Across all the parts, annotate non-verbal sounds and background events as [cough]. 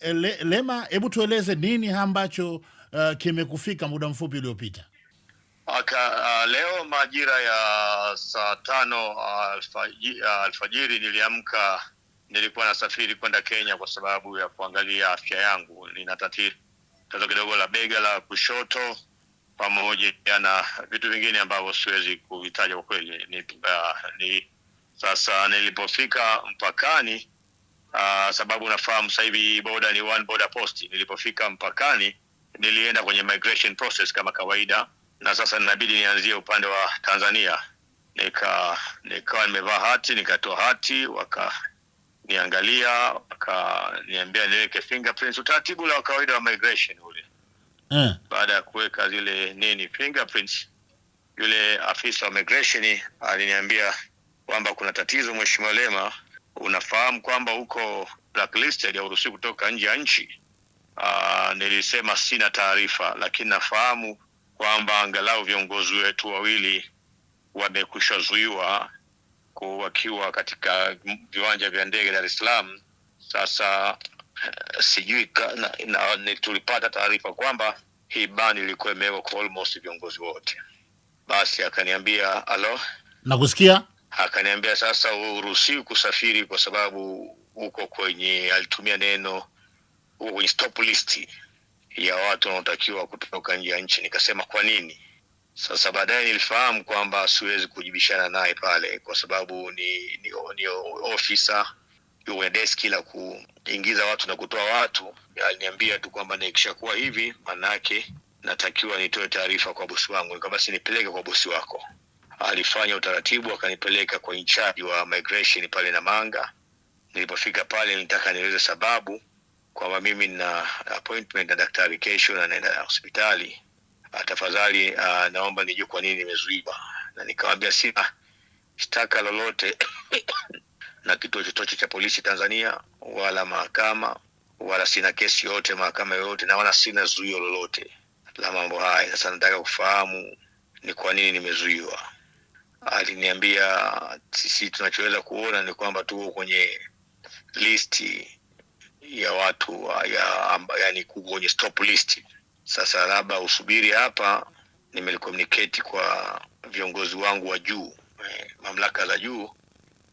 Eh, le, Lema, hebu tueleze nini ambacho uh, kimekufika muda mfupi uliopita? Aka, uh, leo majira ya saa tano ah, ah, alfajiri, uh, niliamka, nilikuwa nasafiri kwenda Kenya kwa sababu ya kuangalia afya yangu. Nina tatizo kidogo la bega la kushoto pamoja na vitu vingine ambavyo siwezi kuvitaja kwa kweli ni, uh, ni sasa nilipofika mpakani Ah, sababu nafahamu sasa hivi boda ni one border post. Nilipofika mpakani nilienda kwenye migration process kama kawaida, na sasa ninabidi nianzie upande wa Tanzania. Nika nikawa nimevaa hati, nikatoa hati, wakaniangalia, wakaniambia niweke fingerprints, utaratibu la kawaida wa migration ule mm. Baada ya kuweka zile nini fingerprints, yule afisa wa migration aliniambia kwamba kuna tatizo, Mheshimiwa Lema, unafahamu kwamba huko blacklisted, hauruhusiwi kutoka nje ya nchi. Uh, nilisema sina taarifa, lakini nafahamu kwamba angalau viongozi wetu wawili wamekwisha zuiwa wakiwa katika viwanja vya ndege Dar es Salaam. Sasa eh, sijui tulipata taarifa kwamba hii bani ilikuwa imewekwa kwa almost viongozi wote. Basi akaniambia alo, nakusikia akaniambia sasa, uruhusiwi kusafiri kwa sababu uko kwenye, alitumia neno uko kwenye stop list ya watu wanaotakiwa kutoka nje ya nchi. Nikasema kwa nini? Sasa baadaye nilifahamu kwamba siwezi kujibishana naye pale kwa sababu ni, ni, ni ofisa kwenye deski la kuingiza watu na kutoa watu. Aliniambia tu kwamba nikishakuwa hivi, maanake natakiwa nitoe taarifa kwa bosi wangu. Basi nipeleke kwa bosi wako alifanya utaratibu akanipeleka kwa incharge wa migration pale Namanga. Nilipofika pale, nilitaka nieleze sababu kwamba mimi nina appointment na daktari kesho na naenda hospitali, ah, tafadhali uh, naomba nijue kwa nini nimezuiwa, na nikamwambia sina shtaka lolote [coughs] na kituo chochote cha polisi Tanzania wala mahakama wala sina kesi yoyote mahakama yoyote, na wala sina zuio lolote la mambo haya. Sasa nataka kufahamu ni kwa nini nimezuiwa aliniambia sisi tunachoweza kuona ni kwamba tuko kwenye listi ya watu ya, yani kwenye stop list sasa labda usubiri hapa nimelikomuniketi kwa viongozi wangu wa juu eh, mamlaka za juu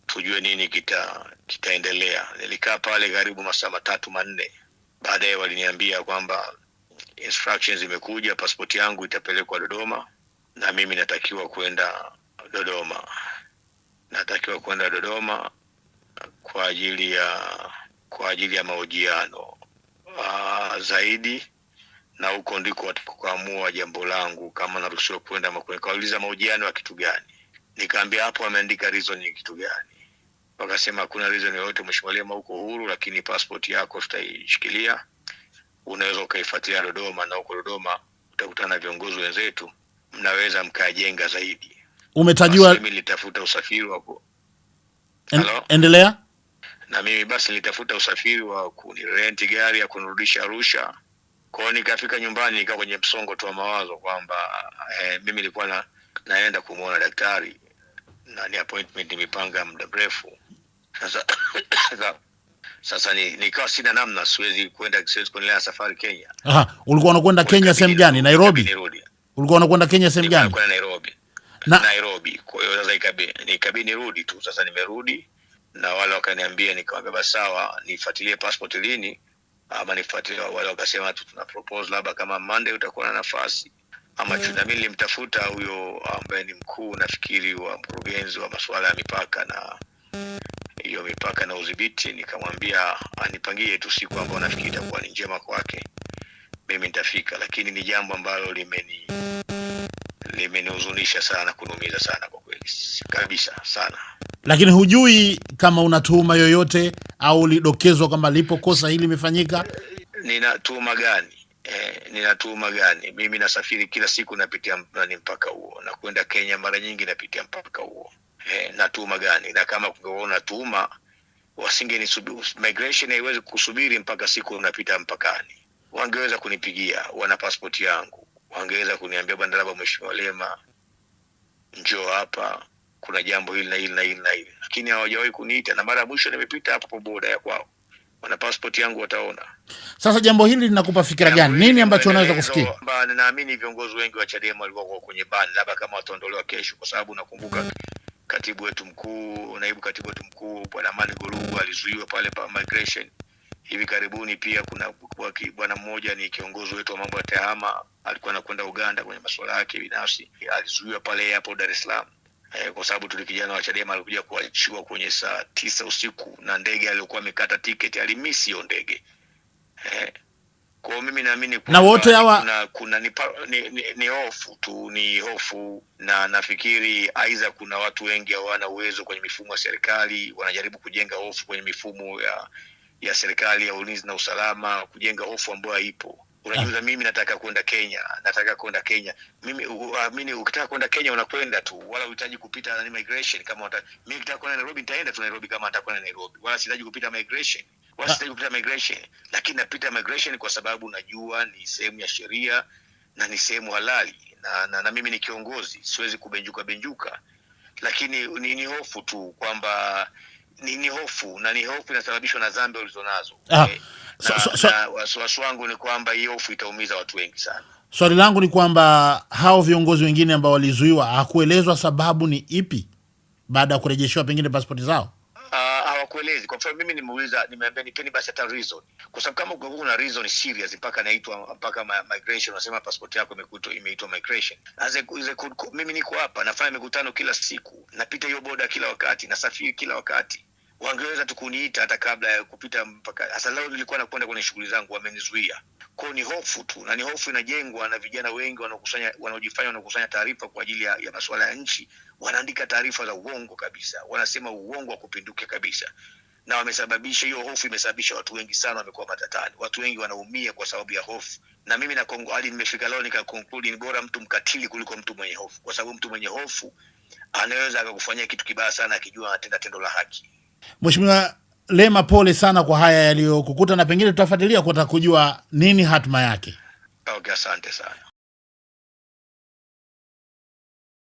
tujue nini kita kitaendelea nilikaa pale karibu masaa matatu manne baadaye waliniambia kwamba instructions imekuja paspoti yangu itapelekwa dodoma na mimi natakiwa kwenda Dodoma. Natakiwa kwenda Dodoma kwa ajili ya kwa ajili ya mahojiano ah, zaidi, na huko ndiko watakuamua jambo langu kama naruhusiwa kwenda. Nikauliza mahojiano ya kitu gani? Nikaambia hapo ameandika reason ya kitu gani? Wakasema hakuna reason yoyote mheshimiwa Lema, uko huru, lakini passport yako tutaishikilia, unaweza ukaifuatilia Dodoma, na huko Dodoma utakutana na viongozi wenzetu, mnaweza mkajenga zaidi umetajiwa basi mimi litafuta usafiri wa ku... endelea na mimi basi nilitafuta usafiri wa kunirenti gari ya kunirudisha Arusha. Kwao nikafika nyumbani nikawa kwenye msongo tu wa mawazo kwamba eh, mimi nilikuwa na, naenda kumwona daktari na ni appointment nimepanga muda mrefu [coughs] sasa sasa ni, nikawa sina namna, siwezi kwenda, siwezi kuendelea safari Kenya. Aha, ulikuwa unakwenda Kenya sehemu gani? Nairobi. Ulikuwa unakwenda Kenya sehemu gani? Nairobi na Nairobi. Kwa hiyo sasa ikabidi nirudi tu. Sasa nimerudi na wale wakaniambia, nikamwambia sawa, nifuatilie passport lini ama nifuatilie. Wale wakasema tu tuna propose labda kama Monday utakuwa na nafasi ama yeah. Mm. Nami nilimtafuta huyo ambaye ni mkuu nafikiri wa mkurugenzi wa masuala ya mipaka na hiyo mipaka na udhibiti, nikamwambia anipangie tu siku ambayo nafikiri itakuwa ni njema kwake, mimi nitafika, lakini ni jambo ambalo limeni limenihuzunisha sana, kuniumiza sana kwa kweli kabisa sana. Lakini hujui kama una tuhuma yoyote au ulidokezwa kwamba lipo kosa hili limefanyika? Nina tuhuma gani? Eh, nina tuhuma gani? Mimi nasafiri kila siku, napitia nani mpaka huo, na kwenda Kenya mara nyingi napitia mpaka huo eh, na tuhuma gani? Na kama kungeona tuhuma wasingeni migration haiwezi kusubiri mpaka siku unapita mpakani, wangeweza kunipigia, wana paspoti yangu wangeweza kuniambia bwana labda mheshimiwa lema njoo hapa kuna jambo hili na hili na hili na hili lakini hawajawahi kuniita na mara ya mwisho nimepita hapo boda ya kwao wana passport yangu wataona sasa jambo hili linakupa fikira gani nini ambacho unaweza kufikia Ninaamini viongozi wengi wa chadema walikuwa kwenye bani labda kama wataondolewa kesho kwa sababu nakumbuka katibu wetu mkuu naibu katibu wetu mkuu bwana amani gurugu alizuiwa pale pa migration hivi karibuni pia kuna bwana mmoja ni kiongozi wetu wa mambo ya tehama alikuwa anakwenda uganda kwenye masuala yake binafsi alizuiwa pale hapo dar es salaam eh, kwa sababu tuli kijana wa chadema alikuja kuachiwa kwenye saa tisa usiku na ndege aliyokuwa amekata tiketi alimisi hiyo ndege eh, kwao mimi naamini na wote hawa kuna, kuna ni, ni, ni, ni hofu tu ni hofu na nafikiri aidha kuna watu wengi hawana uwezo kwenye mifumo ya serikali wanajaribu kujenga hofu kwenye mifumo ya ya serikali ya ulinzi na usalama, kujenga hofu ambayo haipo. Unajiuza, ah. mimi nataka kwenda Kenya, nataka kwenda Kenya. Mimi uamini, ah, uh, ukitaka kwenda Kenya unakwenda tu, wala uhitaji kupita na migration. Kama wata, mimi nataka kwenda Nairobi, nitaenda tu Nairobi kama nataka kwenda Nairobi, wala sihitaji kupita migration, wala ah. sihitaji kupita migration. Lakini napita migration kwa sababu najua ni sehemu ya sheria na ni sehemu halali na, na, na mimi ni kiongozi, siwezi kubenjuka benjuka, lakini ni, ni hofu tu kwamba ni, ni hofu na ni hofu inasababishwa na dhambi ulizonazo. Ah, eh, so, so, so, wasiwasi wangu ni kwamba hii hofu itaumiza watu wengi sana. Swali so, langu ni kwamba hao viongozi wengine ambao walizuiwa hakuelezwa sababu ni ipi baada ya kurejeshewa pengine pasipoti zao? hakuelezi. Kwa mfano mimi nimeuliza nimeambia nipeni basi hata reason, kwa sababu kama ungekuwa una reason serious mpaka naitwa mpaka migration, unasema passport yako imekuto imeitwa migration. As a, mimi niko hapa nafanya mikutano kila siku, napita hiyo boda kila wakati, nasafiri kila wakati wangeweza tu kuniita hata kabla ya kupita mpaka. hasa leo nilikuwa nakwenda kwenye shughuli zangu, wamenizuia kwao ni hofu tu na ni hofu inajengwa na vijana wengi wanaokusanya wanaojifanya wanaokusanya taarifa kwa ajili ya, ya masuala ya nchi wanaandika taarifa za uongo kabisa wanasema uongo wa kupinduka kabisa na wamesababisha hiyo hofu imesababisha watu wengi sana wamekuwa matatani watu wengi wanaumia kwa sababu ya hofu na mimi na hadi nimefika leo nikakonkludi ni bora mtu mkatili kuliko mtu mwenye hofu kwa sababu mtu mwenye hofu anaweza akakufanyia kitu kibaya sana akijua anatenda tendo la haki mweshimiwa Lema, pole sana kwa haya yaliyokukuta, na pengine tutafuatilia kutaka kujua nini hatima yake. Okay, asante sana.